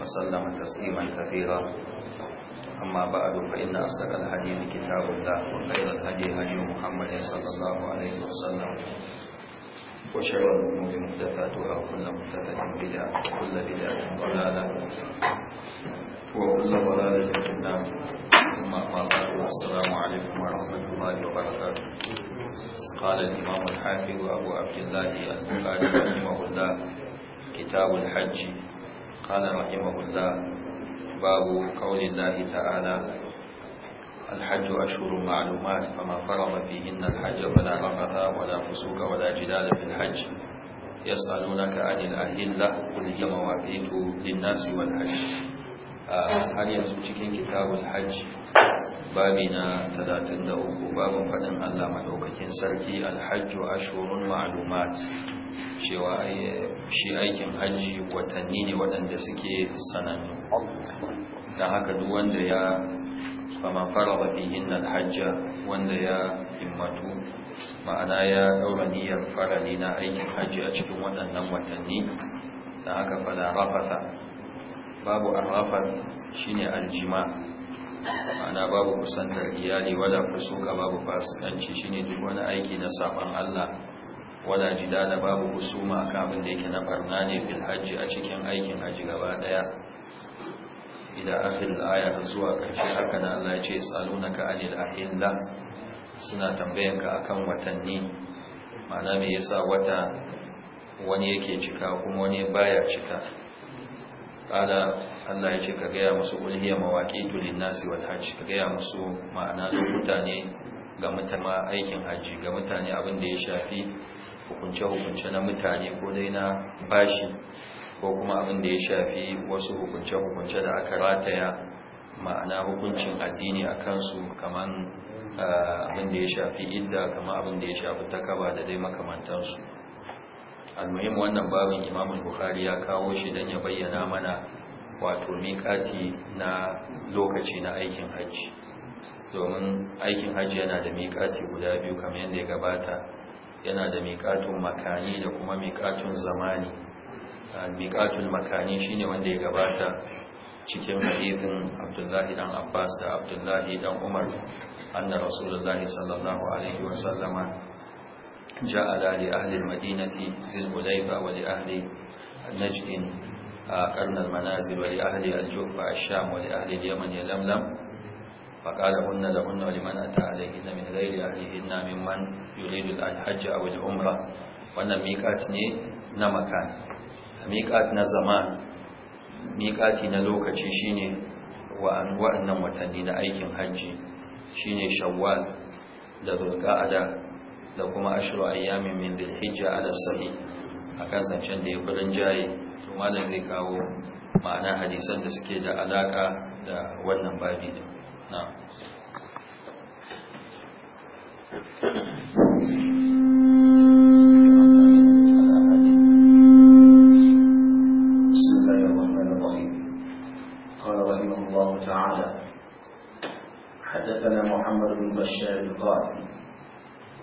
وسلم تسليما كثيرا أما بعد فإن أصدق الحديث كتاب الله وخير الهدي هدي محمد صلى الله عليه وسلم وشر الأمور محدثاتها وكل محدثة بدعة وكل بدعة ضلالة وكل ضلالة في النار ثم أما بعد والسلام عليكم ورحمة الله وبركاته قال الإمام الحافظ أبو عبد الله البخاري رحمه الله كتاب الحج قال رحمه الله باب قول الله تعالى الحج أشهر معلومات فما فرض فيهن الحج فلا رفث ولا فسوق ولا جدال في الحج يسألونك عن الأهلة قل هي مواقيت للناس والحج har yanzu cikin kitabul hajji babi na 33 babin faɗin Allah madaukakin sarki alhajju ashurun ma'lumat cewa shi aikin hajji watanni ne waɗanda suke sanannu don haka duk wanda ya kama fara wafihin na hajja wanda ya himmatu ma'ana ya ɗaura niyyar ne na aikin hajji a cikin waɗannan watanni don haka fada rafata babu arrafar shi ne aljima ma'ana babu kusantar iyali wadda fusuka babu fasikanci shi ne duk wani aiki na saɓon allah wala jidala babu husuma akan abin da yake na barna ne fil hajji a cikin aikin haji gaba daya ila akhir al-aya zuwa karshe haka na Allah ya ce salunaka anil ahilla suna tambayanka akan watanni ma'ana me yasa wata wani yake cika kuma wani baya cika Kada Allah ya ce ka gaya musu ulhiya mawaqitu lin-nasi wal hajj ka gaya musu ma'ana lokuta ne ga mutane aikin haji ga mutane abin da ya shafi hukunce-hukunce na mutane ko dai na bashi ko kuma abin da ya shafi wasu hukunce-hukunce da aka rataya ma'ana hukuncin addini a kansu kamar eh, abin da ya shafi idda kamar abin da ya shafi takaba da dai makamantansu almuhim wannan babin imamun Buhari ya kawo shi don ya bayyana mana wato miƙati na lokaci na aikin hajji domin aikin hajji yana da miƙati guda biyu kamar yadda ya gabata yana da miƙatun makani da kuma miƙatun zamani ah, miƙatun makani shine wanda ya gabata cikin hadithin abdullahi dan abbas da abdullahi dan umar anna rasulullahi sallallahu alaihi wa sallama ja'ala li ahli almadinati zil hulayfa wa li ahli najd ah, qarna almanazil wa li ahli aljufa ash-sham wa li ahli alyaman yalamlam فقالهن لهن ولمن أتى عليهن من غير أهلهن ممن يريد الحج أو العمرة wannan miƙat ne na makan miƙat na zaman miƙati na lokaci shine wa'annan watanni na aikin hajji shine shawwal da zulqa'ada da kuma ashru ayyamin min dhilhijja ala sahih akan zancen da ya kudin jaye to malam zai kawo ma'ana hadisan da suke da alaka da wannan babi da. نعم بسم الله الرحمن الرحيم قال رحمه الله تعالى حدثنا محمد بن بشار قال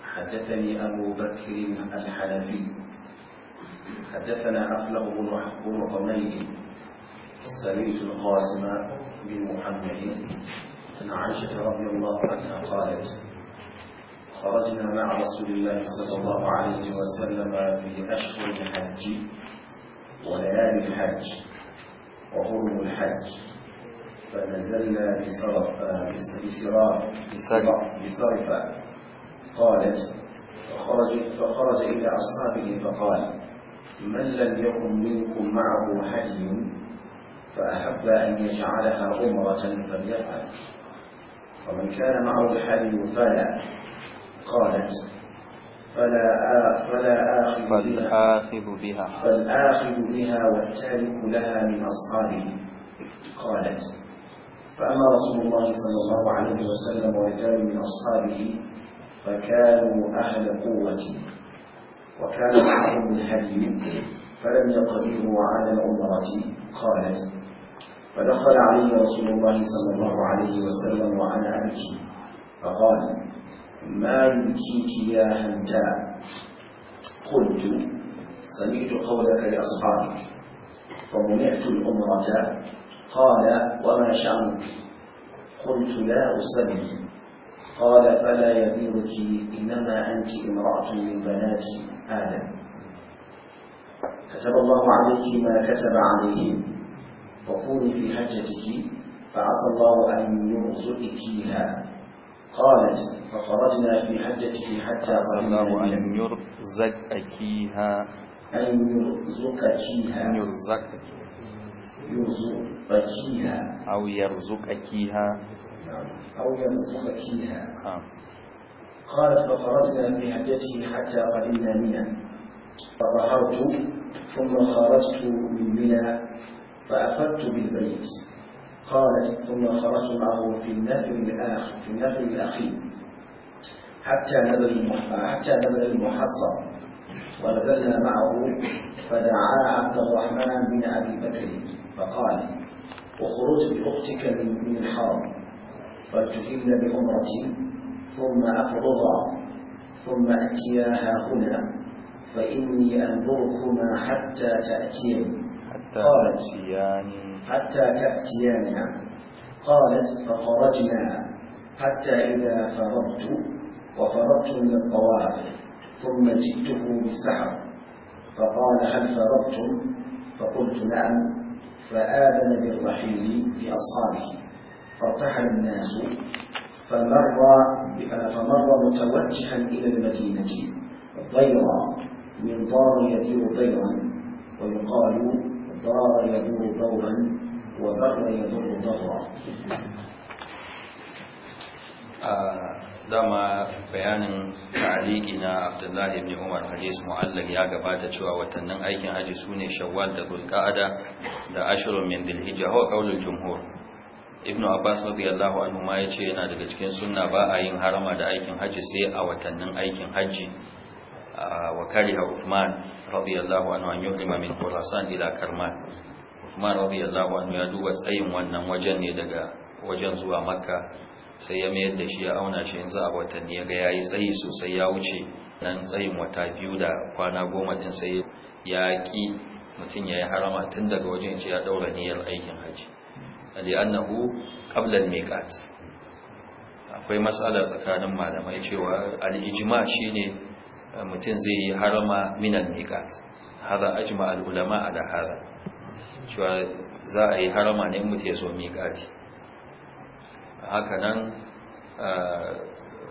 حدثني أبو بكر الحنفي حدثنا أفلق بن حميد سمعت القاسم بن محمد عن عائشة رضي الله عنها قالت خرجنا مع رسول الله صلى الله عليه وسلم في أشهر الحج وليالي الحج وحرم الحج فنزلنا بصرف بسرف بسرف قالت فخرج, فخرج إلى أصحابه فقال من لم يكن منكم معه حج فأحب أن يجعلها عمرة فليفعل ومن كان معه الحلي فلا قالت فلا آخ فلا آخذ فالآخذ بها فالآخذ بها والتارك لها من أصحابه قالت فأما رسول الله صلى الله عليه وسلم ورجال من أصحابه فكانوا أهل قوة وكان معهم الهدي فلم يقدروا على الأمرة قالت فدخل علي رسول الله صلى الله عليه وسلم وأنا أبكي فقال ما يبكيك يا هنتا قلت سمعت قولك لأصحابك فمنعت الأمرة قال وما شأنك قلت لا أسلم قال فلا يضيرك إنما أنت امرأة من بنات آدم كتب الله عليك ما كتب عليهم وكوني في حجتك فعسى الله أن يرزقكيها قالت فخرجنا في حجته حتى عسى الله أن يرزقكيها أن يرزقكيها أن يرزقكيها يرزقكيها أو يرزقكيها نعم. أو يرزقكيها آه. قالت فخرجنا في حجته حتى قدمنا منى فظهرت ثم خرجت من منى فأخذت بالبيت قال ثم خرجت معه في النفر الآخر في النفر الأخير حتى نزل حتى نزل المحصن ونزلنا معه فدعا عبد الرحمن بن أبي بكر فقال اخرج بأختك من من الحرم فلتهل بأمرتي ثم أفرضا ثم أتياها هنا فإني أنظركما حتى تأتيني حتى تأتيان حتى تأتيان قالت فخرجنا حتى إذا فرغت وفرغت من الطواف ثم جئته بالسحر فقال هل فرغتم فقلت نعم فآذن بالرحيل بأصحابه فارتحل الناس فمر فمر متوجها إلى المدينة ضيرا من دار يدير ضيرا ويقال ضار يدور دورا وبر يدور ضرا dama bayanin tarihi na abdullahi ibn umar hadis mu'allaq ya gabata cewa watannin aikin haji sune shawwal da zulqa'ada da ashrun min dhilhijja huwa qaulul jumhur ibnu abbas radiyallahu anhu ma yace yana daga cikin sunna ba a yin harama da aikin haji sai a watannin aikin haji wa kariha Uthman radiyallahu anhu an yuhrima min Khurasan ila Karman Uthman radiyallahu anhu ya duba tsayin wannan wajen ne daga wajen zuwa Makka sai ya mayar da shi ya auna shi yanzu a watanni ya ga yayi tsayi sosai ya wuce nan tsayin wata biyu da kwana goma din sai ya ki mutum ya yi harama tun daga wajen ce ya daura niyyar aikin haji li'annahu qabla al-miqat akwai matsala tsakanin malamai cewa al-ijma shine mutum zai yi harama minan miqat hada ajma al ulama ala hada cewa za a yi harama ne mutum ya zo miqati haka nan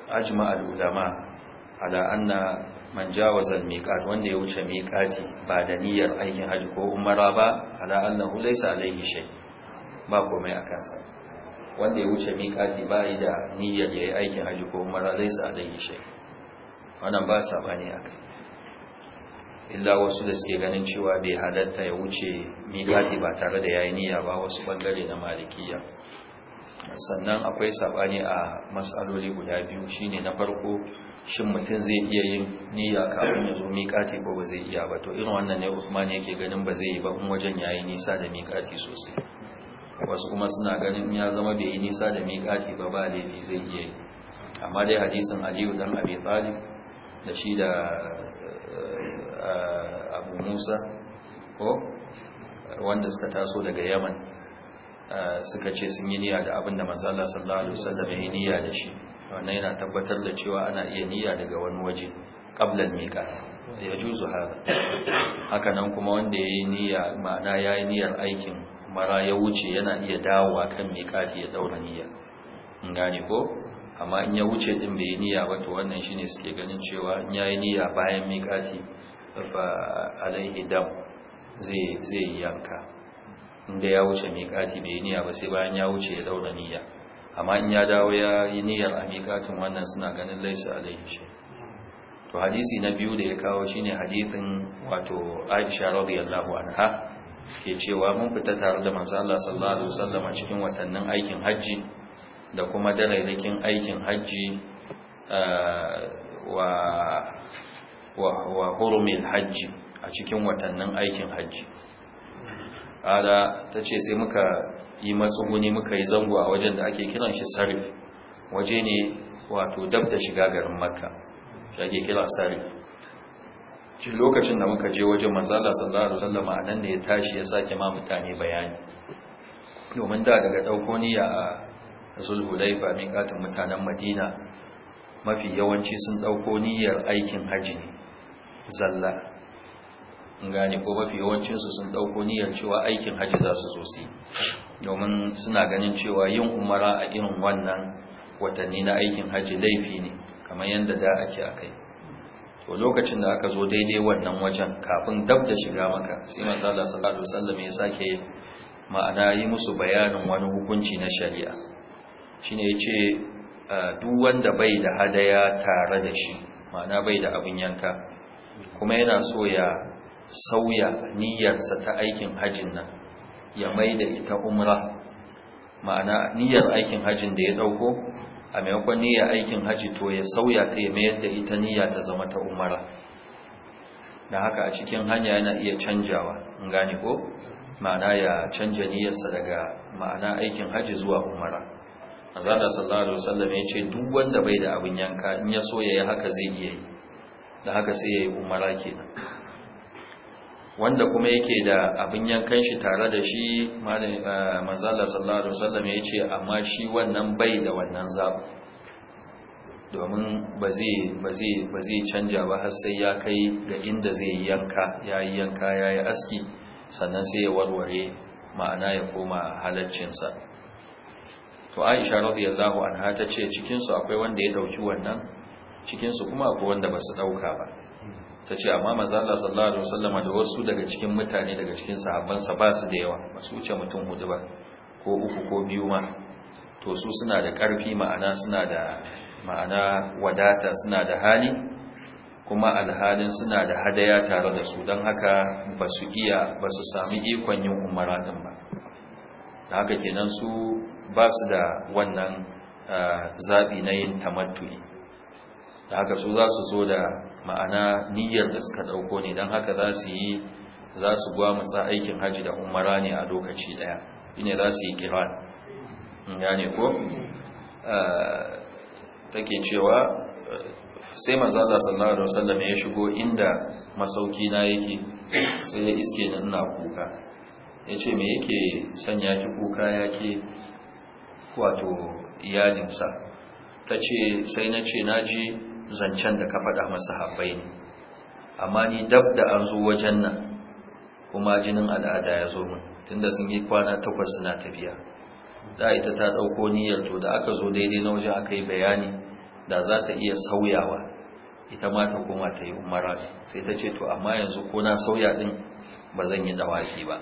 ajma al ulama ala anna man jawaza al miqat wanda ya wuce miqati ba da niyyar aikin haji ko umara ba ala annahu laysa alayhi shay ba komai akan sa wanda ya wuce miƙati ba yi da niyyar ya yi aikin haji ko umara laisa alaihi shai wannan ba sabani aka illa wasu da suke ganin cewa bai halatta ya wuce mikati ba tare da yayi niyya ba wasu bangare na malikiya sannan akwai sabani a mas'aloli guda biyu shine na farko shin mutum zai iya yin niyya kafin ya zo mikati ko ba zai iya ba to irin wannan ne Uthman yake ganin ba zai yi ba kuma wajen yayi nisa da mikati sosai wasu kuma suna ganin ya zama bai yi nisa da mikati ba ba laifi zai iya yi amma dai hadisin Aliyu dan Abi Talib da shi da eh, abu musa ko wanda suka taso daga yaman eh, suka ce sun yi niyya da abin da mazala sallallahu alaihi wasallam yi niyya da shi wannan yana tabbatar da cewa ana iya niyya daga wani waje qabla al ya juzu haka haka nan kuma wanda ya yi niyya ma'ana ya yi niyyar aikin mara ya wuce yana iya dawowa kan miqati ya daura niyya in gane ko amma in ya wuce din bai niyya ba to wannan shine suke ganin cewa in yayi niyya bayan miƙati fa alaihi dam zai zai yanka inda ya wuce miƙati bai niyya ba sai bayan ya wuce ya daura niyya amma in ya dawo ya yi niyyar a miƙatin wannan suna ganin laisa alaihi shi to hadisi na biyu da ya kawo shine hadisin wato Aisha radiyallahu anha ke cewa mun fita tare da manzo Allah sallallahu alaihi wasallam cikin watannin aikin hajji da kuma dalailakin aikin hajji eh, wa hurumin hajji a cikin watannin aikin hajji ala ta ce sai muka yi matsuguni muka yi zango a wajen da ake kiran shi sarif waje ne wato dab da shiga garin makka shi ake kira sarif shi lokacin da muka je wajen manzala sallallahu alaihi wasallam a ya tashi ya sake ma mutane bayani domin da daga dauko ni ya. zulhulaifa miƙatin mutanen madina mafi yawanci sun ɗauko niyyar aikin hajji ne zalla gane ko mafi yawancinsu sun ɗauko niyyar cewa aikin hajji za su zo su domin suna ganin cewa yin umara a irin wannan watanni na aikin hajji laifi ne kamar yadda da ake a kai to lokacin da aka zo daidai wannan wajen kafin dab da shiga maka sai manzo Allah sallallahu alaihi wasallam ya sake ma'ana yi musu bayanin wani hukunci na shari'a shine yace ah, duk wanda bai da hadaya tare da shi ma'ana bai da abin yanka kuma yana so ya sauya niyyarsa ta aikin hajjin nan ya mai da ita umra ma'ana niyyar aikin hajjin da ya dauko a maimakon niyyar aikin hajji to ya sauya ta ya mayar da ita niyya ta zama ta umara da haka a cikin hanya yana iya canjawa in gane ko ma'ana ya canja niyyarsa daga ma'ana aikin hajji zuwa umara azana sallallahu alaihi wasallam ya ce duk wanda bai da abin yanka in ya so yayi haka zai iya yi da haka sai yayi umara kenan wanda kuma yake da abin yankan shi tare da shi mazalla eh, sallallahu alaihi wasallam ya ce amma shi wannan bai da wannan zabu domin ba zai canja ba har sai ya kai ga inda zai yanka yayi yanka yayi aski sannan sai ya warware ma'ana ya koma halaccinsa to aisha radiyallahu anha ta ce cikinsu akwai wanda ya dauki wannan cikinsu kuma akwai wanda ba su dauka ba ta ce amma maza sallallahu alaihi wasallama da wasu daga cikin mutane daga cikin sa ba su da yawa ba su wuce mutum hudu ba ko uku ko biyu ma to su suna da ƙarfi ma'ana suna da ma'ana wadata suna da hali kuma alhalin suna da hadaya tare da su don haka ba su iya ba su sami ikon yin umara din ba da haka kenan su ba su da wannan zaɓi na yin tamattu'i da haka su za su zo da ma'ana niyyar da suka dauko ne don haka za su yi za su aikin haji da umara ne a lokaci ɗaya. ine za su yi kiran ne ko take cewa sai manzala sallallahu alaihi wasallam ya shigo inda masauki na yake sai ya iske na ina kuka ya ce me yake sanya ki kuka ya ke wato iyalinsa ta ce sai na ce na ji zancen da ka faɗa masa haɓai ne amma ni dab da an zo wajen nan kuma jinin al'ada ya zo min tunda sun yi kwana takwas suna tafiya da ita ta ɗauko niyyar to da aka zo daidai na wajen aka yi bayani da za ta iya sauyawa ita ma ta koma ta yi umara sai ta ce to amma yanzu ko na sauya ɗin ba zan yi dawaki ba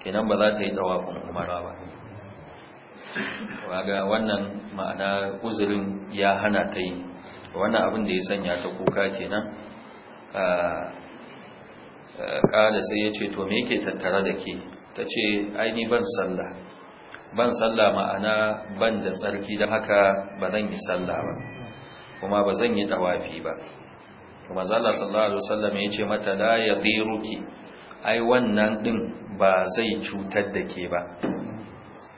kenan ba za ta yi tawafin umara ba waga wannan ma'ana uzurin ya hana ta yi wannan abin da ya sanya ta kuka kenan ƙada sai ya ce to me yake tattara da ke ta ce aini ban sallah ban sallah ma'ana ban da tsarki don haka ba zan yi sallah ba kuma ba zan yi ɗawafi ba kuma zala sallallahu alaihi wasallam ya ce mata la ya ai wannan ɗin ba zai cutar da ke ba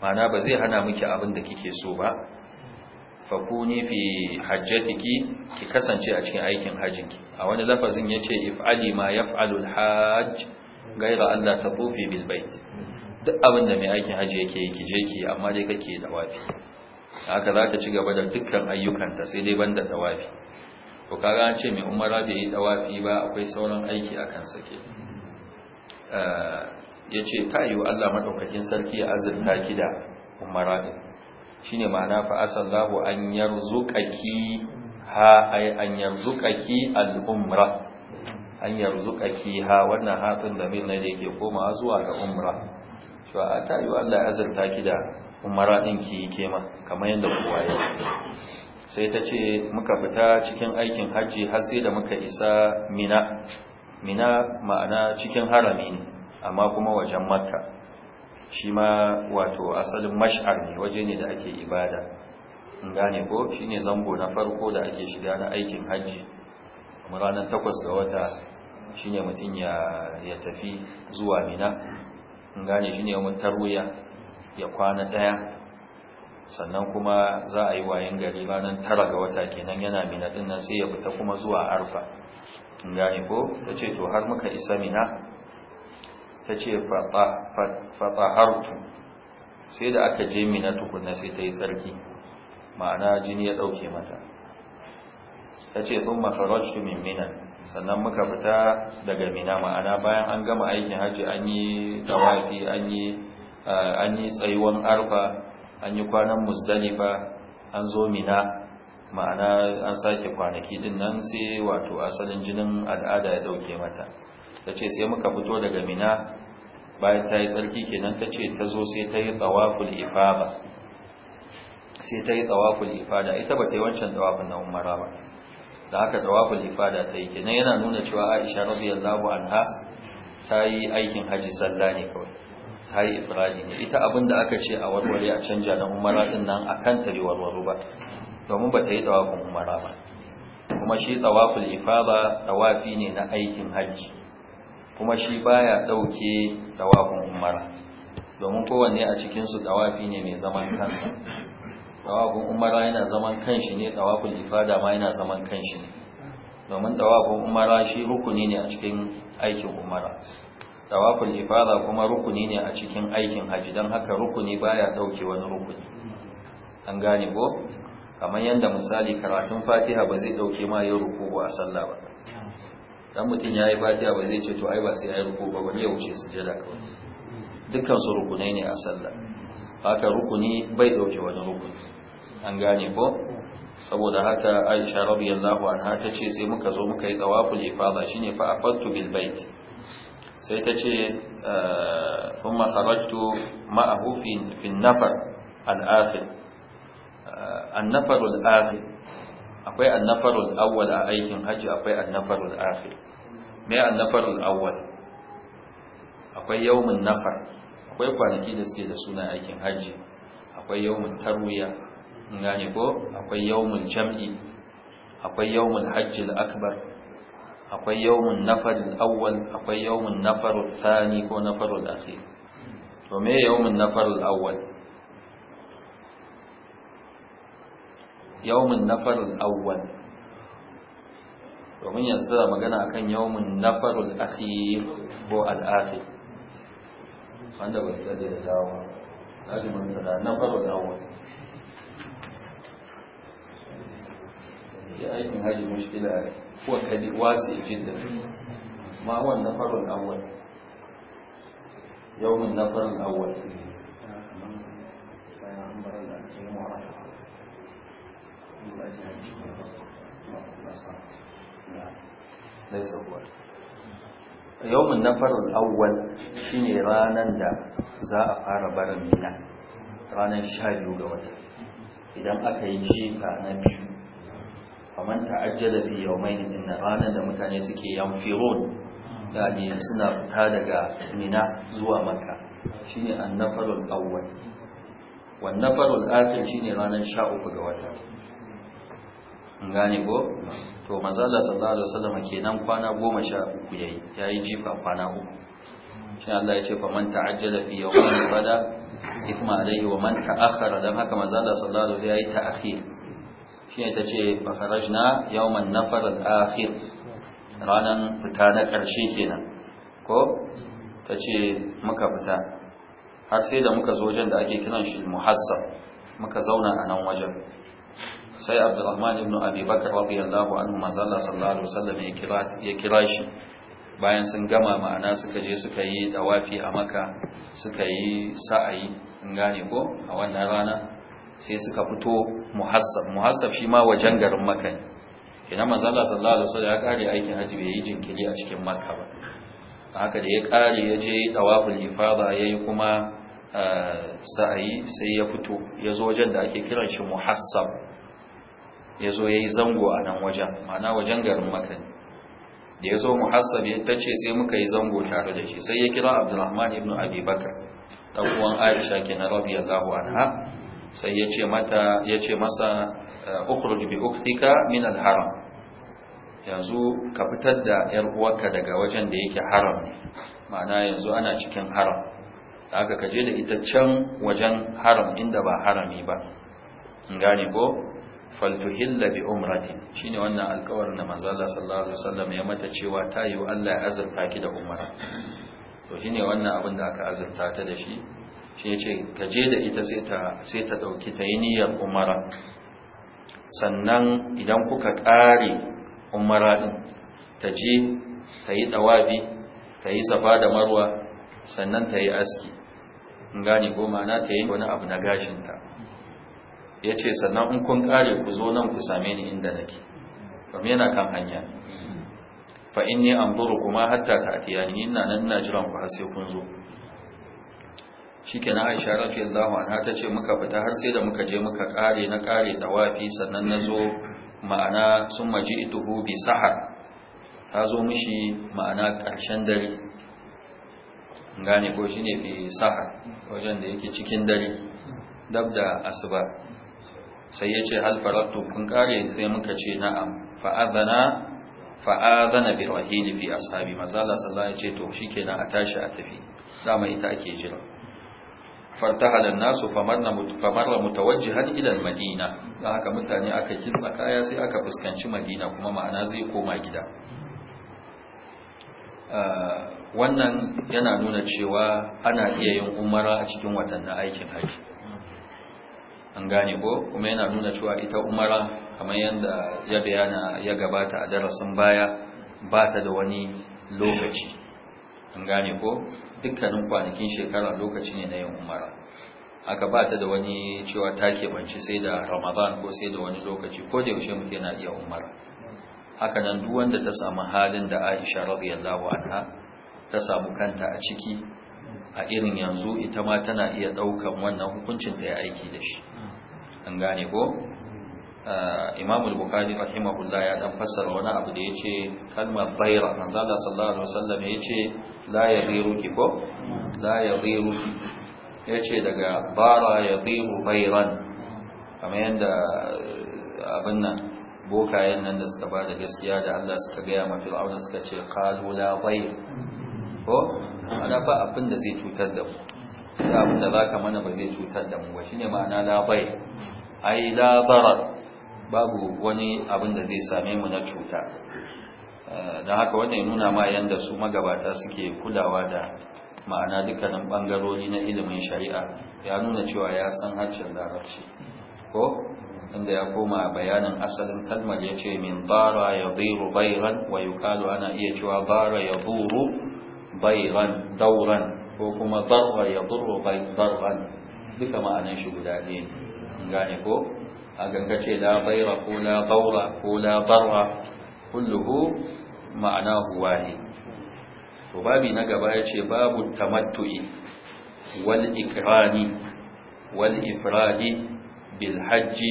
mana ba zai hana miki abin da kike so ba fakuni fi hajjatiki ki kasance a cikin aikin hajjinki a wani lafazin yace Ali ma yaf'alul hajj gaira Allah tatufi bil bait duk abin da mai aikin hajji yake yi ki je ki amma dai kake da wafi haka za ta ci gaba da dukkan ayyukanta sai dai banda dawafi to kaga an ce mai umara bai yi dawafi ba akwai sauran aiki a sake ya ce ta wa Allah maɗaukakin sarki ya azurta ki da shi ne ma'ana fa'asan lahu an yarzuƙaki ha ai an yarzuƙaki al'umra an yarzuƙaki ha wannan hatsin da min na da ke komawa zuwa ga umra shi wa ta wa Allah ya azurta ki da umara ki yi kema kamar yadda kowa ya sai ta ce muka fita cikin aikin hajji har sai da muka isa mina mina ma'ana cikin harami ne amma kuma wajen makka shi ma wato asalin mash'ar ne waje ne da ake ibada in gane ko shi ne zango na farko da ake shiga na aikin hajji kuma ranar takwas ga wata shi ne mutum ya tafi zuwa mina in gane shi ne mun ya kwana ɗaya sannan kuma za a yi wayan gari ranar tara ga wata kenan yana mina dinnan sai ya fita kuma zuwa arfa in gane ko ta ce to har muka isa mina ta ce sai da aka je mina tukunna sai ta yi tsarki ma'ana jini ya ɗauke mata ta ce sun makararci min mina sannan muka fita daga mina ma'ana bayan an gama aikin hajji an yi tawafi an yi tsayuwan arfa an yi kwanan musdalifa an zo mina ma'ana an sake kwanaki din nan sai wato asalin jinin al'ada ya ɗauke mata ta ce sai muka fito daga mina bayan ta yi tsarki kenan ta ce ta zo sai ta yi tsawaful ifada sai ta yi tsawaful ifada ita ba ta yi wancan tsawafin na umara ba da haka tsawaful ifada ta yi kenan yana nuna cewa aisha an ha ta yi aikin haji sallah ne kawai ta yi ifradi ne ita abin da aka ce a warware a canja na umara din nan a kan ta yi warwaro ba domin ba ta yi tsawafin umara ba kuma shi tsawaful ifada tsawafi ne na aikin haji kuma shi baya dauke tawafin umara domin kowanne a cikin su tawafi ne mai zaman kansa tawafin umara yana zaman kanshi ne tawafin ifada ma yana zaman kanshi ne domin tawafin umara shi rukuni ne a cikin aikin umara tawafin ifada kuma rukuni ne a cikin aikin haji don haka rukuni baya dauke wani rukuni an gane ko kamar yadda misali karatun fatiha ba zai dauke ma yin rukuku a sallah ba dan mutum yayi fatiha ba zai ce to ai ba sai ai ruku ba bari ya wuce sujada kawai dukkan su rukunai ne a sallah haka rukuni bai dauke wani rukuni an gane ko saboda haka Aisha radiyallahu anha ta ce sai muka zo muka yi tawaful ifada shine fa afattu bil bait sai ta ce eh, thumma kharajtu ma'ahu fi fi an-nafar al-akhir eh, an-nafar al-akhir akwai annafarul awwal a aikin haji akwai annafarul akhir me annafarul awwal akwai yawmun nafar akwai kwanaki da suke da suna aikin haji akwai yawmun tarwiya in gane ko akwai yawmin jam'i akwai yawmin hajjil akbar akwai yawmun nafarul awwal akwai yawmun nafarul thani ko nafarul akhir to me yawmun nafarul awwal yawmin nafarul awwal domin ya da magana akan yawmin nafarul akhir ko al-akhir wanda bai tsade da sawa mun da nafarul awwal ya aikin haji mushkila ko kadi wasi jiddan ma wan nafarul awwal yawmin nafarul awwal laisa awwal yawmin nafarul awwal shine ranar da za a fara barin mina sha biyu ga wata idan aka yi ka na biyu kamar yau mai nufin na ranar da mutane suke da yani suna fita daga mina zuwa makka shine annafarul awwal wan shi ne shine sha uku ga wata gane ko to manzala sallallahu alaihi wasallam kenan kwana goma sha uku yayi yayi jifa kwana uku Shin Allah ya ce fa man ta'ajjala fi yawmin bada isma alaihi wa man ta'akhkhara dan haka manzala sallallahu alaihi wasallam yayi ta'khir shi ne tace fa kharajna yawman nafar al-akhir ranan fita na karshe kenan ko tace muka fita har sai da muka zo wajen da ake kiran shi muhassab muka zauna a nan wajen sai abdurrahman ibn abi bakar radiyallahu anhu mazalla sallallahu alaihi wasallam ya kira ya kira shi bayan sun gama ma'ana suka je suka yi dawafi a maka suka yi sa'ayi in gane ko a wannan rana sai suka fito muhassab muhassab shi ma wajen garin Makka ne kina manzala sallallahu alaihi wasallam ya kare aikin haji bai yi jinkiri a cikin makka ba haka da ya kare ya je dawaful ifada yayi kuma eh, sa'ayi sai ya fito ya zo wajen da ake kiran shi muhassab ya zo ya yi zango a nan wajen mana wajen garin maka ne da ya zo muhassabi ta ce sai muka yi zango tare da shi sai ya kira abdulrahman ibn abi bakar ɗan uwan aisha kenan radiyallahu anha sai ya ce mata ya ce masa eh, ukhruj bi ukhtika min al-haram yanzu ka fitar da yar uwarka daga wajen da yake haram ma'ana yanzu ana cikin haram haka je da ita can wajen haram inda ba harami ba in gane ko faltuhilla bi umratin shine wannan alƙawarin da manzo Allah sallallahu alaihi wasallam ya mata cewa ta yi Allah ya azurta ki da umra to shine wannan abin da aka azurta ta da shi shi ya ce ka je da ita sai ta sai ta dauki ta yi niyyar umra sannan idan kuka ƙare umra din ta je ta yi dawabi ta yi safa da marwa sannan ta yi aski in gane goma na ta yi wani abu na gashinta ya ce sannan in kun kare ku zo nan ku same ni inda nake kuma yana kan hanya fa inni anzuru kuma hatta ta ni ina nan ina jiran ku har sai kun zo shikenan Aisha radiyallahu anha ta ce muka fita har sai da muka je muka kare na kare tawafi sannan na zo ma'ana sun maji ituhu bi sahar ta zo mishi ma'ana ƙarshen dare gane ko shine fi sahar wajen da yake cikin dare dab da asuba sai ya ce halfarattu kun kare sai muka ce na'am fa'adana fa'adana bi rahili fi ashabi mazala sallah ya ce to shikenan a tashi a tafi dama ita ake jira fartaha da nasu famarra mutawajjihan ila madina da haka mutane aka kitsa kaya sai aka fuskanci madina kuma ma'ana zai koma gida ah, wannan yana nuna cewa ana iya yin umara a cikin watannin aikin haji an gane ko kuma yana nuna cewa ita umara kamar yadda ya bayana ya gabata a darasin baya ba ta da wani lokaci an gane ko dukkanin kwanakin shekara lokaci ne na yin umara aka ba ta da wani cewa ta keɓanci sai da ramadan ko sai da wani lokaci ko da yaushe mutum yana iya umara haka nan duk wanda ta samu halin da aisha radiyallahu anha ta samu kanta a ciki a irin yanzu ita ma tana iya ɗaukan wannan hukuncin da ya aiki da shi an gane ko ah, imam al-bukhari rahimahullah ya dan fassara wani abu da yace kalmar bayra manzo Allah sallallahu alaihi wasallam yace la yaghiruki ko la yaghiruki yace daga bara yatimu bayran kamar yanda ah, abin nan bokayen nan da suka bada gaskiya da Allah suka gaya ma fir'auna suka ce qalu la bayr ko ana ba abin da zai cutar da mu da abin da za ka mana ba zai cutar da mu ba shi ne ma'ana labai ai labarar babu wani abin da zai same mu na cuta eh, don haka wanda ya nuna ma yadda su magabata suke kulawa da ma'ana dukkanin bangarori na ilimin shari'a ya nuna cewa ya san harshen larabci ko inda ya koma bayanin asalin kalmar ya ce min bara ya biru bairan wa yukalu ana iya cewa bara ya buru bairan dauran ko kuma darwa ya durwa bai duka ma'anan shi guda ɗaya ne gane ko a ganga la bayra ko la baura ko la barra kulluhu ma'ana wahid to babi na gaba yace babu tamattu'i wal ikrani wal bil hajji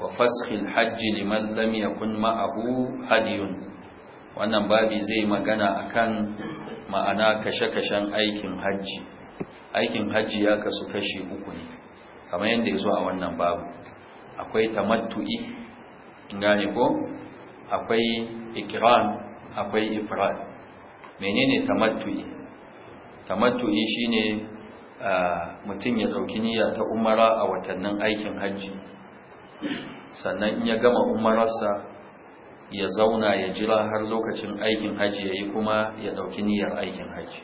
wa faskhi al hajji liman lam yakun ma'ahu hadiyun wannan babi zai magana akan ma'ana kashe-kashen aikin hajji aikin hajji ya kasu kashi uku ne kamar yadda ya zo a wannan babu akwai tamattu'i gane ko akwai ikiran akwai ifrad menene tamattu'i tamattu'i shine mutum ya dauki niyya ta umara a watannin aikin hajji sannan in ya gama umararsa ya zauna ya jira har lokacin aikin hajji ya yi kuma ya ɗauki niyyar aikin hajji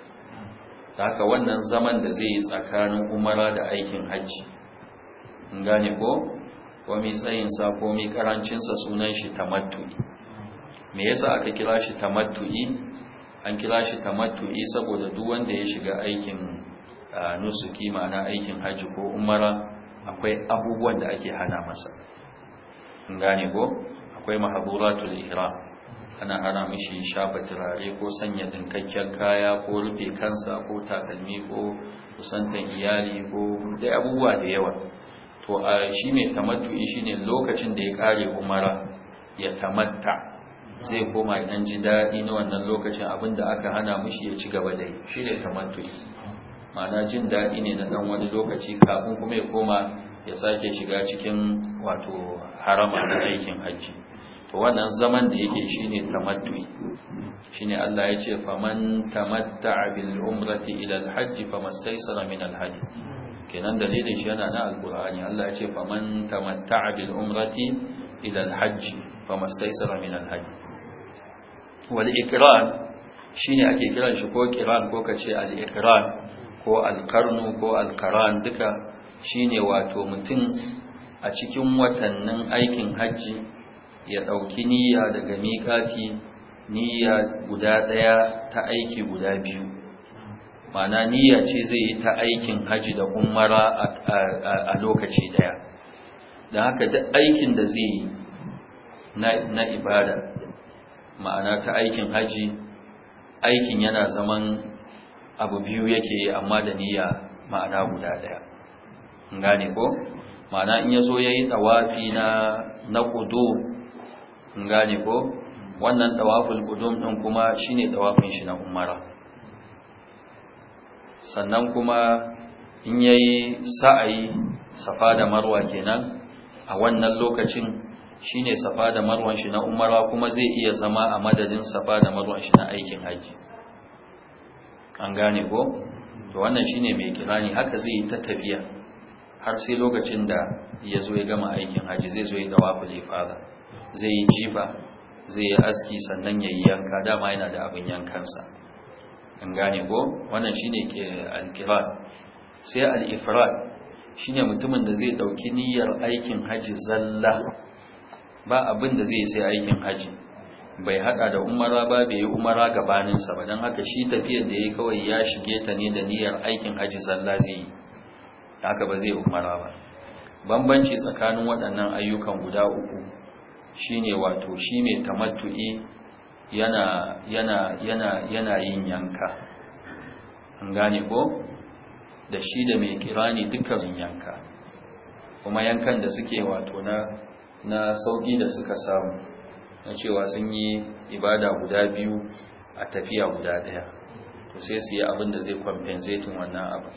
da haka wannan zaman da zai yi tsakanin umara da aikin hajji in gane ko komi tsayinsa komi karancinsa sunan shi tamattu'i me yasa aka kira shi tamattu'i an kira shi ta matu'i saboda duk wanda ya shiga aikin nusuki ma'ana aikin hajji ko umara akwai abubuwan da ake hana masa in gane ko akwai mahaburatul ihram ana hana mishi shafa turare ko sanya dinkakken kaya ko rufe kansa ko takalmi ko kusantan iyali ko dai abubuwa da yawa to a shi mai tamattu'i ne lokacin da ya kare umara ya tamatta zai koma idan ji daɗi na wannan lokacin da aka hana mishi ya ci gaba da shi ne tamattu'i ma'ana jin daɗi ne na ɗan wani lokaci kafin kuma ya koma ya sake shiga cikin wato harama na aikin hajji wannan zaman da yake shine tamattu'i shine Allah ya ce faman tamatta'a bil umrati ila al hajj famastaysara min al hajj kenan dalilin shi yana na alqur'ani Allah ya ce faman tamatta'a bil umrati ila al hajj famastaysara min al hajj wal iqrar shine ake kiran shi ko kiran ko kace al iqrar ko al qarnu ko al qaran duka shine wato mutum a cikin watannin aikin hajji ya ɗauki niyya daga mikati niyya guda ɗaya ta aiki guda biyu mana niyya ce zai yi ta aikin haji da umara a lokaci ɗaya da haka duk aikin da zai yi na ibada ma'ana ta aikin haji aikin yana zaman abu biyu yake amma da niyya ma'ana guda ɗaya gane ko ma'ana in ya zo ya yi ɗawafi na ƙudu gane ko wannan tawaful qudum din kuma shine tawafin shi na umara sannan kuma in yayi sa'ayi safa da marwa kenan a wannan lokacin shine safa da marwan shi na umara kuma zai iya zama a madadin safa da marwan shi na aikin haji an gane ko to wannan shine mai kirani haka zai yi ta tafiya har sai lokacin da ya zo ya gama aikin haji zai zo ya dawa ifada zai yi jifa zai yi aski sannan ya yi yanka dama yana da abin yankansa in gane ko wannan shine ke alkirar sai shi ne mutumin da zai ɗauki niyyar aikin haji zalla ba abin da zai sai aikin haji bai haɗa da umara ba bai yi umara gabaninsa ba don haka shi tafiyar da ya kawai ya shige ta ne da niyyar aikin haji zalla zai yi haka ba zai umara ba bambanci tsakanin waɗannan ayyukan guda uku shine wato shi tamattu'i yana yana yana yana yin yanka an gane ko da shi da mai kirani dukkan yanka kuma yankan da suke wato na na sauki da suka samu na cewa sun yi ibada guda biyu a tafiya guda daya to sai su yi abin da zai compensate wannan abu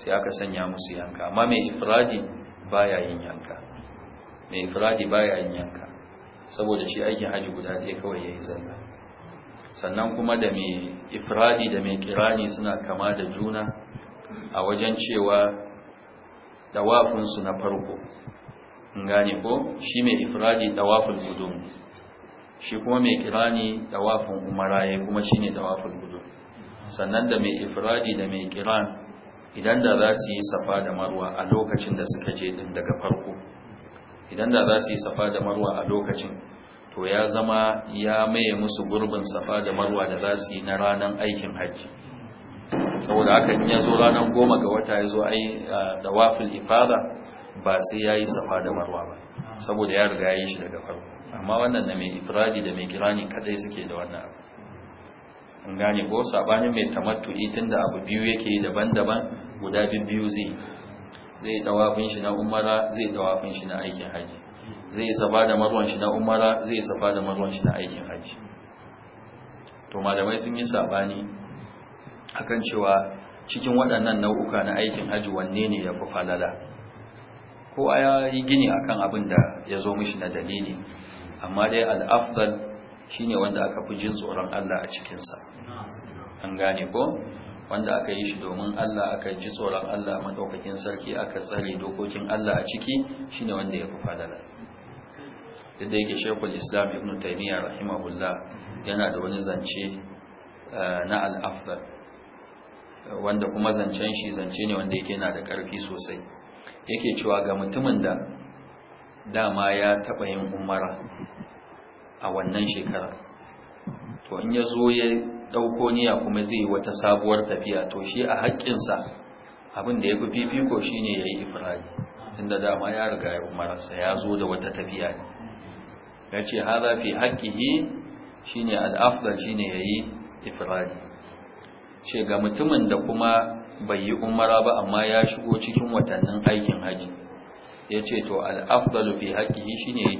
sai aka sanya musu yanka amma mai ifradi baya yin yanka mai ifradi baya yin yanka saboda shi aikin haji guda ɗaya kawai ya yi zalla sannan kuma da mai ifradi da mai kirani suna kama da juna a wajen cewa dawafinsu na farko gane ko shi mai ifradi dawafin gudun shi kuma mai kirani dawafin umaraye kuma shi ne dawafin gudun sannan da mai ifradi da mai kiran idan da za su yi safa da marwa a lokacin da suka je daga farko idan da za su yi safa da marwa a lokacin to ya zama ya maye musu gurbin safa da marwa da za su yi na ranar aikin hajji saboda haka in ya zo ranar goma ga wata ya zo ai da wafil ifada ba sai ya yi safa da marwa ba saboda ya riga ya yi shi daga farko amma wannan da mai ifradi da mai kirani kadai suke da wannan abu in gane ko sabanin mai tamattu'i tunda abu biyu yake daban-daban guda biyu zai zai dawafin shi na umara zai dawafin shi na aikin haji zai safa da marwan shi na umara zai safa da marwan shi na aikin haji to malamai sun yi sabani akan cewa cikin waɗannan nau'uka na aikin haji wanne ne ya fi falala ko ya yi gini akan abin da ya zo mishi na dalili amma dai al'afdal shine wanda aka fi jin tsoron Allah a cikinsa an gane ko wanda aka yi shi domin Allah aka ji tsoron Allah madaukakin sarki aka tsare dokokin Allah a ciki shine wanda ya fi fadala yadda yake shekul islam ibn taymiyyah rahimahullah yana da wani zance eh, na al wanda kuma zancen shi zance ne wanda yake yana da ƙarfi sosai yake cewa ga mutumin da dama ya taɓa yin umara a wannan shekara to in ya zo ya ɗauko niya kuma zai yi wata sabuwar tafiya to shi a haƙƙinsa abin da ya fi fifiko shi ne ya yi ifirari inda dama ya riga ya umararsa ya zo da wata tafiya ne ya ce za fi haƙƙi shi ne al'afdar shi ne ya yi ifirari ce ga mutumin da kuma bai yi umara ba amma ya shigo cikin watannin aikin haji ya ce to al'afdalu fi haƙƙi shi ne ya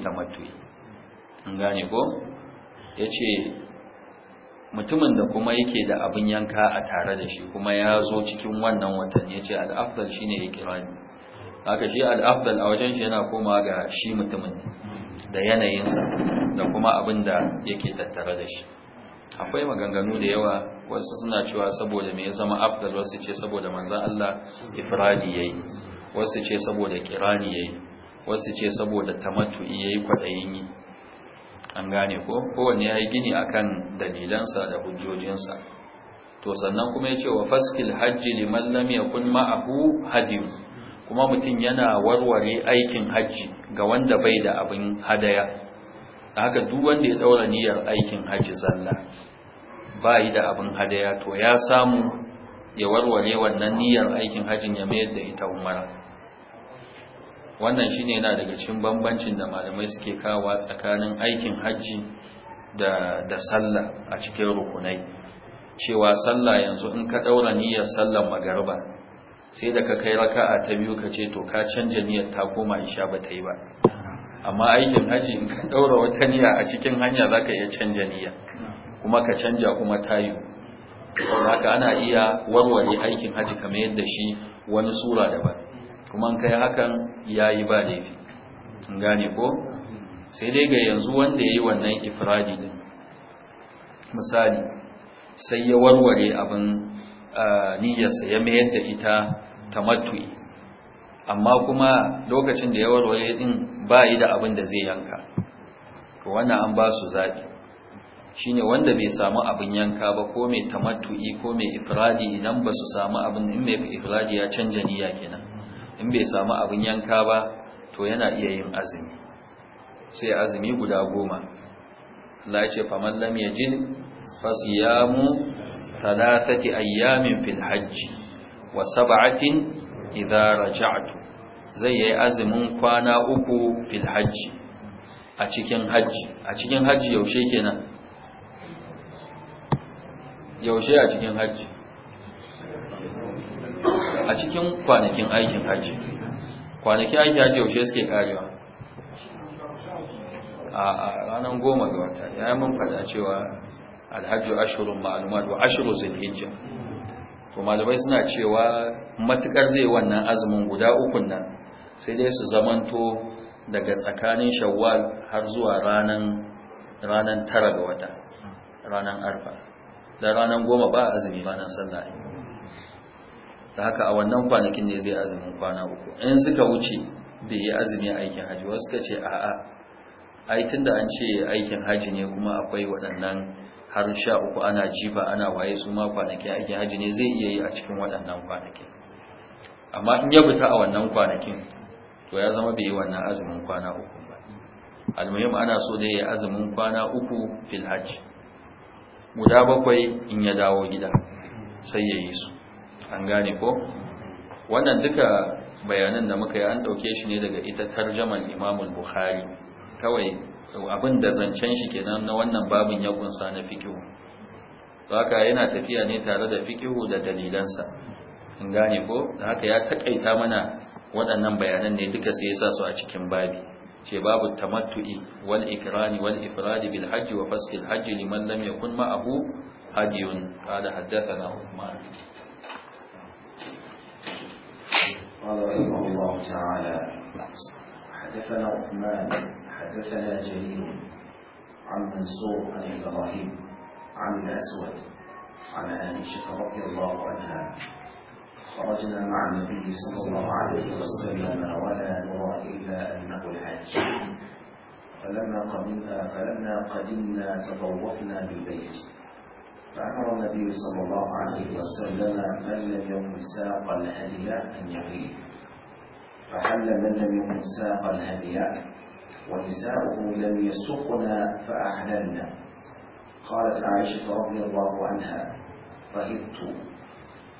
yi gane ko ya ce mutumin da kuma yake da abin yanka a tare da shi kuma ya zo cikin wannan watan ya ce al'afdal shi ne ya kirani haka shi al'afdal a wajen shi yana koma ga shi mutumin da yanayinsa da kuma abin da yake tattare da shi akwai maganganu da yawa wasu suna cewa saboda me ya zama afdal wasu ce saboda manzan Allah ifradi yi wasu ce saboda kirani yi wasu ce saboda tamattu yi kwadayin yi an gane ko kowanne ya yi gini a kan dalilansa da hujjojinsa to sannan kuma ya ce wa faskil hajji liman lam yakun ma'ahu hadin kuma mutum yana warware aikin hajji ga wanda bai da abin hadaya haka duk wanda ya tsaura niyyar aikin hajji zalla ba yi da abin hadaya to ya samu ya warware wannan niyyar aikin hajjin ya mayar da ita umara wannan shine yana daga cikin bambancin da malamai suke kawo tsakanin aikin hajji da da sallah a cikin rukunai cewa sallah yanzu in ka daura niyyar sallar magariba sai da ka kai raka'a ta biyu ka ce to ka canja niyyar ta koma isha ba ta yi ba amma aikin hajji in ka daura wata niyya a cikin hanya zaka iya canja niyya kuma ka canja kuma tayu saboda haka ana iya warware aikin hajji kamar yadda shi wani sura daban kuma kai hakan yayi ba laifi gane ko sai dai ga yanzu wanda ya yi wannan ifradi din misali sai ya warware abin niyyarsa ya mayar da ita tamattu'i amma kuma lokacin da ya warware din ba yi da abin da zai yanka to wannan an ba su zabi ne wanda bai samu abin yanka ba ko mai tamattu'i ko mai ifradi idan ba su samu abin in mai ifradi ya canja niyya kenan in bai samu abin yanka ba to yana iya yin azumi sai azumi guda goma Allah ya ce faman lam yajid fasiyamu thalathati ayyamin fil hajj wa sab'atin idza raja'tu zai yi azumin kwana uku fil hajj a cikin hajj a cikin hajj yaushe kenan yaushe a cikin hajji a cikin kwanakin aikin haji kwanakin aikin haji yaushe suke karewa a ranar goma ga wata ya yi man fada cewa alhaji ashirin ma'alumar wa ashirin zulhijja to malamai suna cewa matukar zai wannan azumin guda ukun nan sai dai su zamanto daga tsakanin shawwal har zuwa ranan tara ga wata ranan arfa da ranan goma ba azumi nan sallah da haka a wannan kwanakin ne zai azumin kwana uku in suka wuce bai yi azumin aikin haji wasu suka ce a'a ai tunda an ce aikin haji ne kuma akwai waɗannan har sha uku ana jifa ana waye su ma kwanaki aikin haji ne zai iya yi a cikin waɗannan kwanakin? amma in ya fita a wannan kwanakin to ya zama bai yi wannan azumin kwana uku ba almuhim ana so da ya azumin kwana uku fil haji guda bakwai in ya dawo gida sai ya yi su an gane ko wannan duka bayanan da muka yi an dauke shi ne daga ita tarjaman Imam bukhari kawai abin da zancen shi kenan na wannan babin ya kunsa na fikihu. haka yana tafiya ne tare da fikihu da dalilansa An gane ko haka ya takaita mana waɗannan bayanan ne duka sai yasa su a cikin babi ce babu tamattu'i wal ikrani wal ifradi bil hajji wa fasl al hajji liman lam yakun ma'ahu hadiyun qala haddathana Uthman قال رحمه الله تعالى حدثنا عثمان حدثنا جليل عن منصور عن إبراهيم عن الأسود عن عائشة رضي الله عنها خرجنا مع النبي صلى الله عليه وسلم ولا نرى إلا أنه الحج فلما قدمنا فلما قدمنا تطوفنا بالبيت فأمر النبي صلى الله عليه وسلم من لم يكن ساق الهدي أن يغيب فحل من لم يكن ساق الهدي ونساؤه لم يسقنا فأحللنا قالت عائشة رضي الله عنها فهبت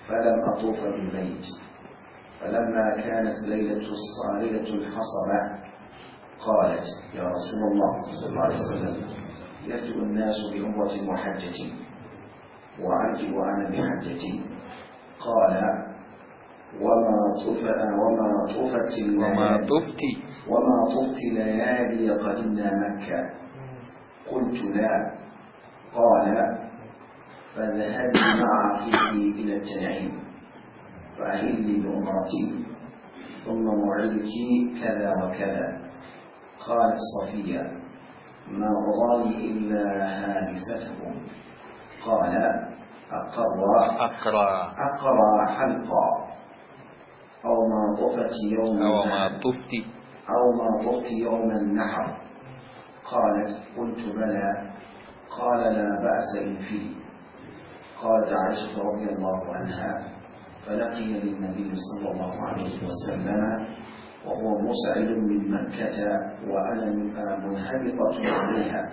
فلم أطوف بالبيت فلما كانت ليلة الصاردة الحصبة قالت يا رسول الله صلى الله عليه وسلم يفتو الناس بعمرة وحجة وأجب أنا بحجتي قال وما طف وما طفت وما طفت وما طفت ليالي قدمنا مكة قلت لا قال فذهبت مع إلى التنعيم فأهلي بأمرتي ثم موعدك كذا وكذا قالت صفية ما أراني إلا هارستكم قال أقرى أقرى أقرى حلقا أو ما طفت يوم أو ما طفت أو ما طفت يوم النحر قالت قلت بلى قال لا بأس إن في قالت عائشة رضي الله عنها فلقي للنبي صلى الله عليه وسلم وهو مسعد من مكة وأنا منهبطة عليها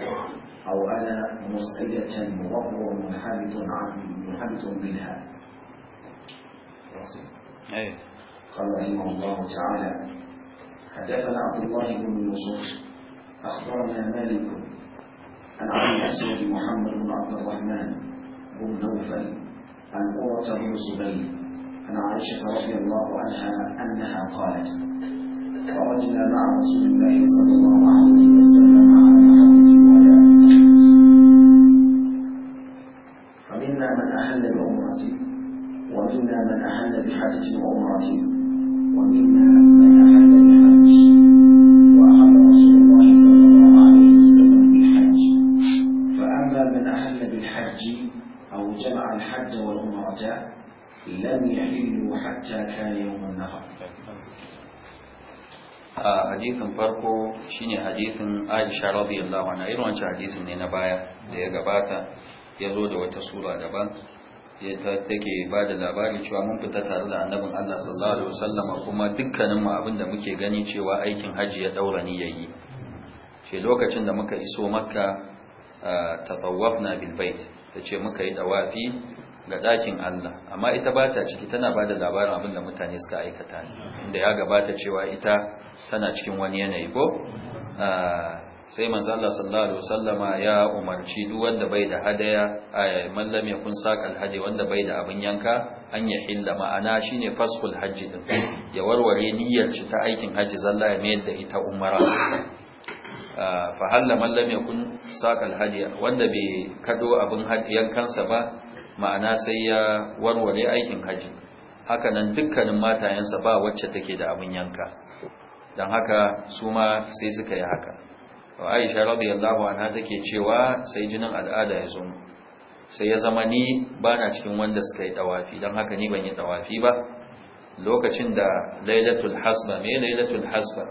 أو أنا مسألة وهو منحبط عن منحبط منها أيه. قال رحمه الله تعالى حدثنا عبد الله بن يوسف أخبرنا مالك عن عبد الأسود محمد بن عبد الرحمن بن نوفل عن قرة بن الزبير عن عائشة رضي الله عنها أنها قالت خرجنا مع رسول الله صلى الله عليه وسلم على أحل بعمرة ومنا من أحل بحجة وعمرة ومنا من أحل بحج وأحل رسول الله صلى الله عليه وسلم بالحج فأما من أحل بالحج أو جمع الحج والعمرة لم يحلوا حتى كان يوم النهر a hadithin farko shine hadisin Aisha radiyallahu anha irin wancan hadisin ne na baya da ya gabata ya zo da wata sura daban take ba da labari cewa mun fita tare da annabin Allah sallallahu alaihi wasallam kuma dukkanin mu abin da muke gani cewa aikin haji ya daura ni yayi ce lokacin da muka iso makka tatawafna bil bait tace muka yi dawafi ga dakin Allah amma ita ba ta ciki tana ba da labarin abin da mutane suka aikata inda ya gabata cewa ita tana cikin wani yanayi ko sai manzala sallallahu alaihi wasallama ya umarci duk wanda bai da hadaya mallam ya kun saqal hadi wanda bai da abin yanka an ya hilla ma'ana shine fasqul hajji din ya warware niyyar shi ta aikin haji zalla ya mayar da ita umara ah, fa halla mallam ya kun saqal hadi wanda bai kado abin yankansa ba ma'ana sai ya warware aikin haji haka nan dukkanin matayensa ba wacce take da abin yanka don haka su ma sai suka yi haka aisha radiyallahu anha take cewa sai jinin al'ada ya zo sai ya zama ni bana cikin wanda suka yi ɗawafi dan haka ni ban yi ɗawafi ba lokacin da lailatul hasba me lailatul hasba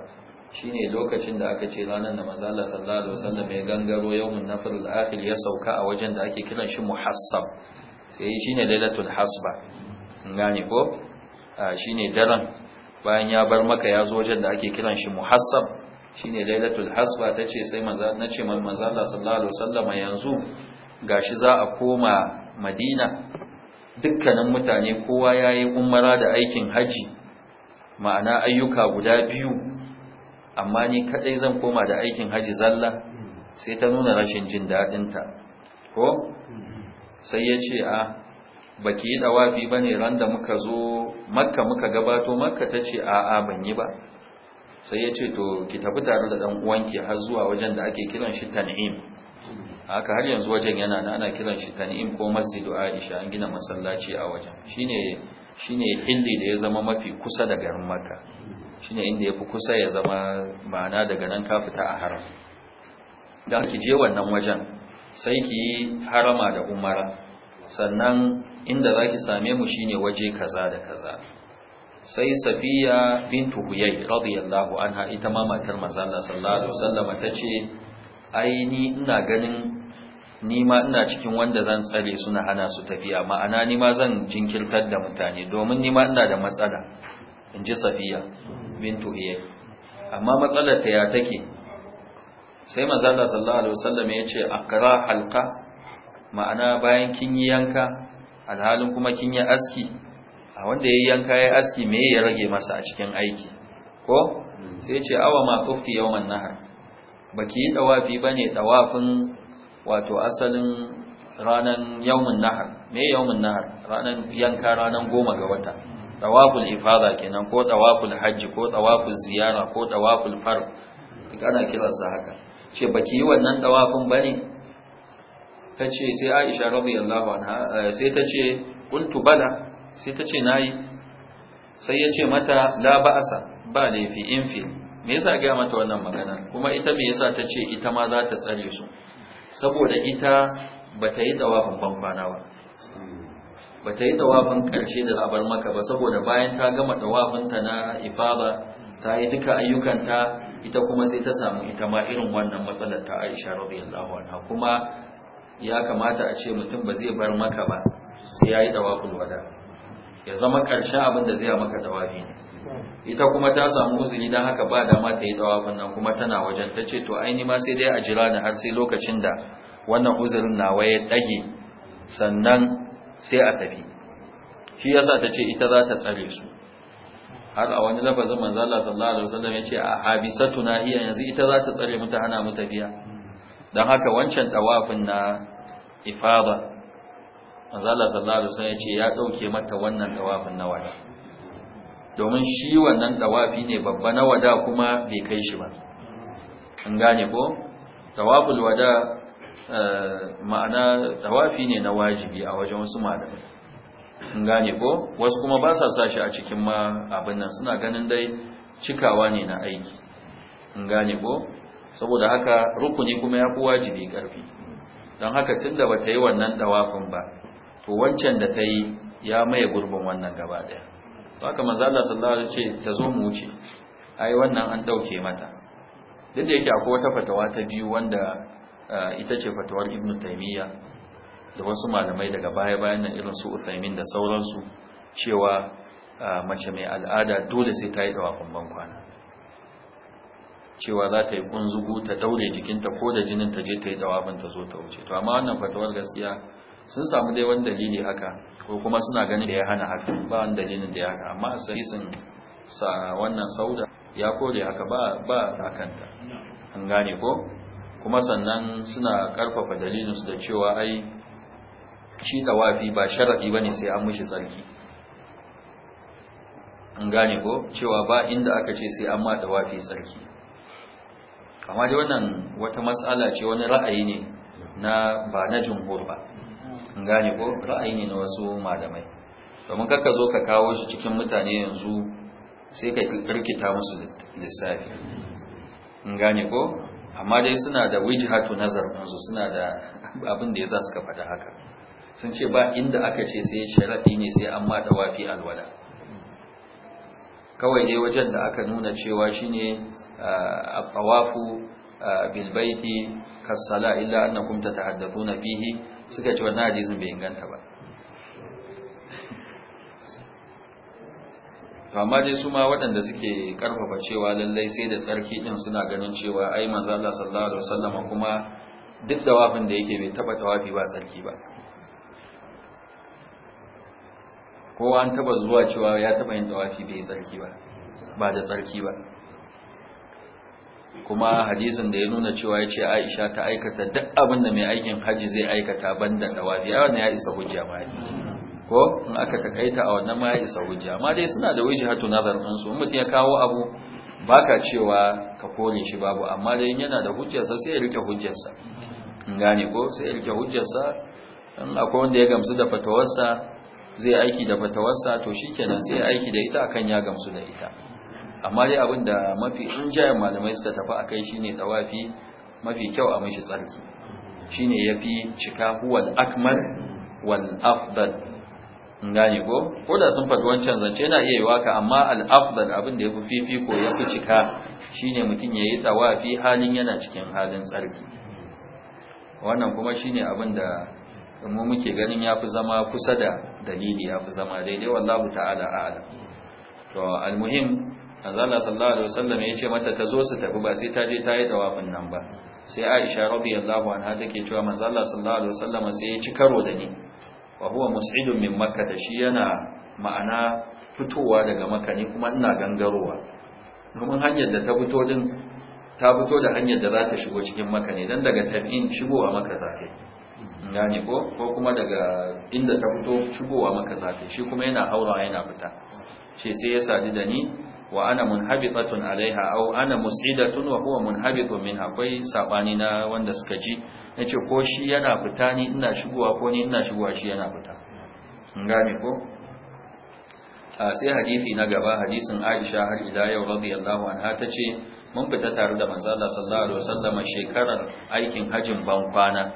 shine lokacin da aka ce ranar da manzo Allah sallallahu alaihi wasallam ya gangaro yawmun nafrul akhir ya sauka a wajen da ake kiran shi muhassab sai shine lailatul hasba ngani ko shine daren bayan ya bar maka ya zo wajen da ake kiran shi muhassab shine lailatul hasba tace sai manzo nace man manzo Allah sallallahu alaihi wasallam yanzu gashi za a koma Madina dukkanin mutane kowa yayi umara da aikin haji ma'ana ayyuka guda biyu amma ni kadai zan koma da aikin haji zalla sai ta nuna rashin jin dadin ta ko sai yace a ah, baki yi dawafi bane ran da muka zo makka muka gabato makka tace a'a ban yi ba sai ya ce to ki tafi tare da dan uwanki har zuwa wajen da ake kiran shi tan'im haka har yanzu wajen yana na ana kiran shi tan'im ko masjidu aisha an gina masallaci a wajen shine shine Hindi da ya zama mafi kusa da garin makka shine inda yafi kusa ya zama ma'ana daga nan ka fita a haram dan ki je wannan wajen sai ki harama da umara sannan inda zaki same mu shine waje kaza da kaza sai safiya bintu huyai radiyallahu anha ita ma matar manzon Allah sallallahu alaihi wasallam tace ai ni ina ganin ni ma ina cikin wanda zan tsare suna hana su tafiya ma'ana ni ma zan jinkirtar da mutane domin ni ma ina da matsala in ji safiya bintu huyai amma matsalar ta ya take sai Allah sallallahu alaihi wasallam ya ce akra halqa ma'ana bayan kin yi yanka alhalin kuma kin yi aski A wanda yi yanka ya aski me ya rage masa a cikin aiki ko sai ce awa ma tufi yawman nahar baki yi dawafi ne dawafin wato asalin ranar yawmun nahar me yawmun nahar ranar yanka ranar goma ga wata dawafin ifada kenan ko dawafin hajji ko dawafin ziyara ko tawaful far ana kirasa haka ce baki yi wannan ba ne? Ta ce sai Aisha rabu radiyallahu anha eh, sai ta ce kuntu bala sai ta ce nayi sai ya ce mata la ba'asa ba laifi infil me yasa ga mata wannan magana kuma ita me yasa ta ce ita ma za ta tsare su saboda ita ba ta yi tawafin bankwana ba ba ta yi tawafin karshe da labar maka ba saboda bayan ta gama tawafin ta na ifaba ta yi duka ayyukanta ita kuma sai ta samu ita ma irin wannan matsalar ta Aisha radiyallahu anha kuma ya kamata a ce mutum ba zai bar maka ba sai yayi tawafin wada ya zama karshen abin da zai maka tawafi ne ita kuma ta samu uzuri don haka ba dama ta yi tawafin nan kuma tana wajen ta ce to aini ma sai dai a jira ni har sai lokacin da wannan uzurin na waye ɗage sannan sai a tafi shi yasa ta ce ita za ta tsare su har a wani lafazin manzala sallallahu alaihi wasallam ya ce a habisatuna hiya yanzu ita za ta tsare mu ta hana mu tafiya don haka wancan tawafin na ifada manzala sallallahu alaihi wasallam ce ya dauke mata wannan dawafin na wada domin shi wannan dawafi ne babba na wada kuma bai kai shi ba an gane ko tawaful wada eh, ma'ana dawafi ne na wajibi a wajen wasu malamai an gane ko wasu kuma ba sa sashi a cikin ma abin nan suna ganin dai cikawa ne na aiki an gane ko saboda haka rukuni kuma ya fi wajibi karfi don haka tun da ba ta yi wannan dawafin ba to wancan da ta yi ya maye gurbin wannan gaba daya haka manzo Allah sallallahu ce ta zo mu wuce ai wannan an dauke mata duk da yake akwai wata fatawa ta biyu wanda eh, ita ce fatawar Ibn Taymiyyah da wasu malamai daga baya bayan nan irin su Uthaymin da sauransu cewa eh, mace mai al'ada dole sai ta yi dawafin bankwana cewa za ta yi kunzugu ta daure jikinta ko da jinin ta je ta yi ban ta zo ta wuce to amma wannan fatawar gaskiya sun samu dai wani dalili haka ko kuma suna ganin da ya hana haka ba wani dalilin da ya haka amma sai sun sa wannan sauda ya kore haka ba ba takanta an gane ko kuma sannan suna karfafa dalilinsu da cewa ai shi wafi ba sharadi bane sai an mishi tsarki an gane ko cewa ba inda aka ce sai an ma dawafi tsarki amma dai wannan wata matsala ce wani ra'ayi ne na ba na jumhur ba in gane ko ra'ayi ne na wasu malamai domin kakka zo ka kawo shi cikin mutane yanzu sai ka rikita musu lissafi in gane ko amma dai suna da wijhatu nazar musu suna da abin da yasa suka faɗa haka sun ce ba inda aka ce sai sharaɗi ne sai an mada wafi alwala kawai dai wajen da aka nuna cewa shine at-tawafu bil baiti kasala illa annakum tatahaddathuna fihi suka ce wannan hadisin bai inganta ba amma dai su ma waɗanda suke karfafa cewa lallai sai da tsarki ɗin suna ganin cewa ai manzo Allah sallallahu alaihi wasallam kuma duk da wafin da yake bai taba tawafi ba tsarki ba ko an taba zuwa cewa ya taba yin tawafi bai tsarki ba ba da tsarki ba kuma hadisin da ya nuna cewa ya ce aisha ta aikata duk abin da mai aikin haji zai aikata ban tawafi a wani ya isa hujja ma ko in aka takaita a wannan ma ya isa hujja amma dai suna da hatu nazar din su mutum ya kawo abu ba ka cewa ka kone shi babu amma dai yana da hujjarsa sai ya rike hujjarsa in gane ko sai ya rike hujjarsa in akwai wanda ya gamsu da fatawarsa zai aiki da fatawarsa to shikenan sai ya aiki da ita akan ya gamsu da ita amma dai abin da mafi injayen malamai suka tafi a kai shine tawafi mafi kyau a mashi tsarki shine fi cika huwal akmal wal afdal ngani ko ko da sun faɗi wancan zance yana iya yi waka amma al afdal abin da ya fi fifiko fi cika shine mutum ya yi tawafi halin yana cikin halin tsarki wannan kuma shine abin da mu muke ganin ya fi zama kusa da dalili ya fi zama daidai wallahu ta'ala a'lam to almuhim azala sallallahu alaihi wasallam ya ce mata ta zo su tafi ba sai ta je ta yi tawafin nan ba sai aisha radiyallahu anha take cewa manzo Allah sallallahu alaihi wasallam sai ya ci karo da ni wa huwa mus'idun min makkah shi yana ma'ana fitowa daga Makkah ne kuma ina gangarowa domin hanyar da ta fito din ta fito da hanyar da za ta shigo cikin Makkah ne don daga tafi'in shigowa maka zafi gane ko ko kuma daga inda ta fito shigowa maka zafi shi kuma yana haura yana fita ce sai ya sadu da ni wa ana munhabitatun alaiha au ana musidatun wa huwa munhabitun minha akwai sabani na wanda suka ji yace ko shi yana fita ni ina shigowa ko ni ina shigowa shi yana fita gane ko sai hadisi na gaba hadisin Aisha har ila yau radiyallahu anha tace mun fita tare da manzo Allah sallallahu alaihi wasallam shekarar aikin hajjin ban kwana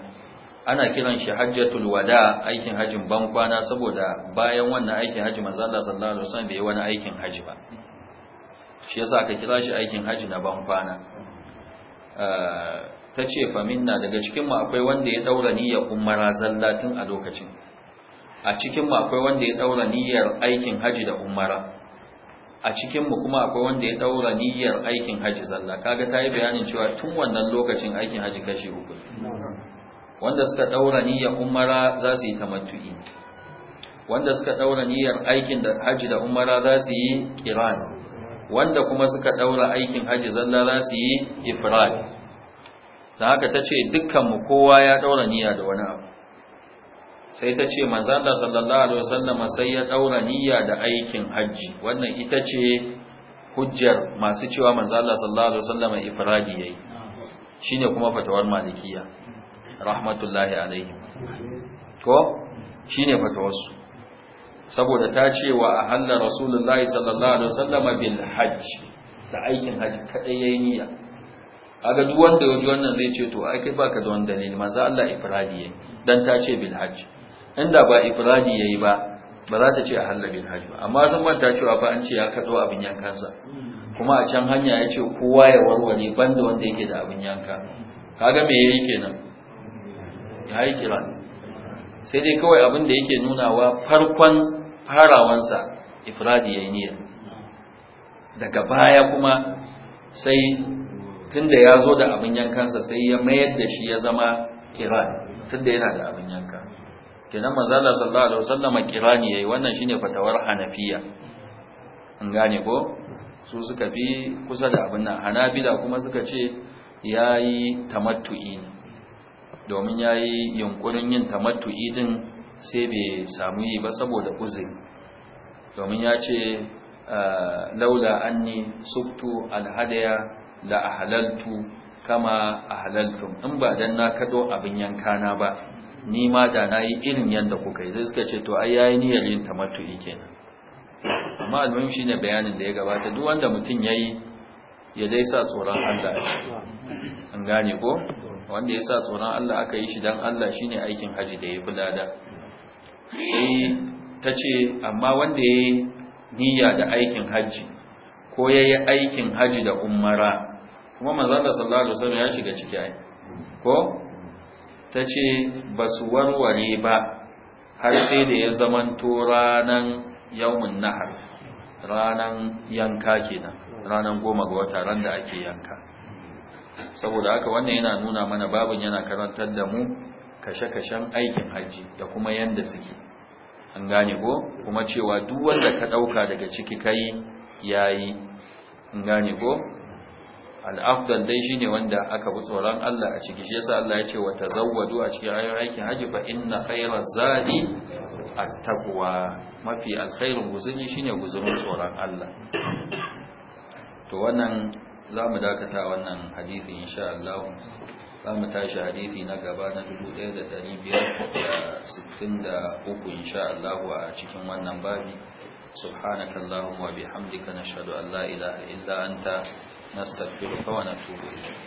ana kiran shi hajjatul wada aikin hajjin ban kwana saboda bayan wannan aikin hajji manzo Allah sallallahu alaihi wasallam bai wani aikin hajji ba shi yasa ka kira shi aikin haji na ban kwana eh, ta ce faminna daga cikinmu akwai wanda ya daura niyyar umara zalla tun a lokacin a cikinmu akwai wanda ya daura niyyar aikin haji da umara a cikinmu kuma akwai wanda ya daura niyyar aikin haji zalla kaga ta yi bayanin cewa tun wannan lokacin aikin haji kashi uku wanda suka daura niyyar umara za su yi tamattu'i wanda suka daura niyyar aikin da haji da umara za su yi kirani wanda kuma suka daura aikin haji zalla za su yi ifrad dan haka tace dukkan mu kowa ya daura niyya da wani abu sai ta ce manzala sallallahu alaihi wasallam sai ya daura niyya da aikin haji wannan ita ce hujjar masu cewa manzala sallallahu alaihi wasallam ifradi yayi shine kuma fatawar malikiya rahmatullahi alaihi ko shine fatawarsu saboda ta ce wa a rasulun lai sallallahu alaihi wasallama bin hajji da aikin hajji kadai yi niyya kaga duk wanda yaji wannan zai ce to ai kai baka da wani ma za Allah ifradi yayi dan ta ce bil hajji inda ba ifradi yayi ba ba za ta ce a halla bil hajji ba amma sun manta cewa fa an ce ya kado abin yankansa kuma a can hanya ya ce kowa ya warware banda wanda yake da abin yanka kaga me yayi kenan yayi kiran sai dai kawai abin da yake nunawa farkon farawansa ifradi ya yi niyya daga baya kuma sai tunda ya zo da abin yankansa sai ya mayar da shi ya zama kiran tunda yana da abin yanka kenan mazala sallallahu alaihi wasallama kirani yayi wannan shine fatawar hanafiya an gane ko su suka fi kusa da abin nan hanabila kuma suka ce yayi tamattu'i ne domin ya yi yunkurin yin tamattu'i din sai bai samu yi ba saboda uzuri domin ya ce ah, laula Suftu, suktu alhadaya da Ahalaltu kama ahlaltum in ba dan na kado abin yankana ba ni ma da na yi irin yadda kuka yi zai suka ce to ai yayi niyyar yin tamattu'i kenan amma shi ne bayanin da ya gabata duk wanda mutum ya yi ya dai sa tsoron Allah an gane ko wanda ya sa tsoron Allah aka yi shi don Allah shi ne aikin haji da ya fi lada ta ce amma wanda ya yi niyya da aikin haji ko ya yi aikin haji da umara kuma da sallallahu alaihi ya shiga ciki ai ko ta ce ba su warware ba har sai da ya zamanto ranar yawon nahar ranar yanka kenan ranar goma ga wata ran da ake yanka saboda haka wannan yana nuna mana babin yana karantar da mu kashe-kashen aikin hajji da kuma yanda suke an gane ko kuma cewa duk wanda ka ɗauka daga ciki kai yayi an gane ko al-afdal dai shine wanda aka bi tsoron Allah a ciki shi yasa Allah ya ce wa tazawwadu a cikin ayoyin aikin hajji fa inna khayra zadi at-taqwa mafi alkhairin guzuri shine guzumin tsoron Allah to wannan za mu dakata wannan hadithi insha za mu tashi hadithi na gaba na da uku Allah a cikin wannan babi subhanaka Allahumma wa bihamdika nashhadu an la ilaha illa anta nastaghfiruka wa natubu ilayk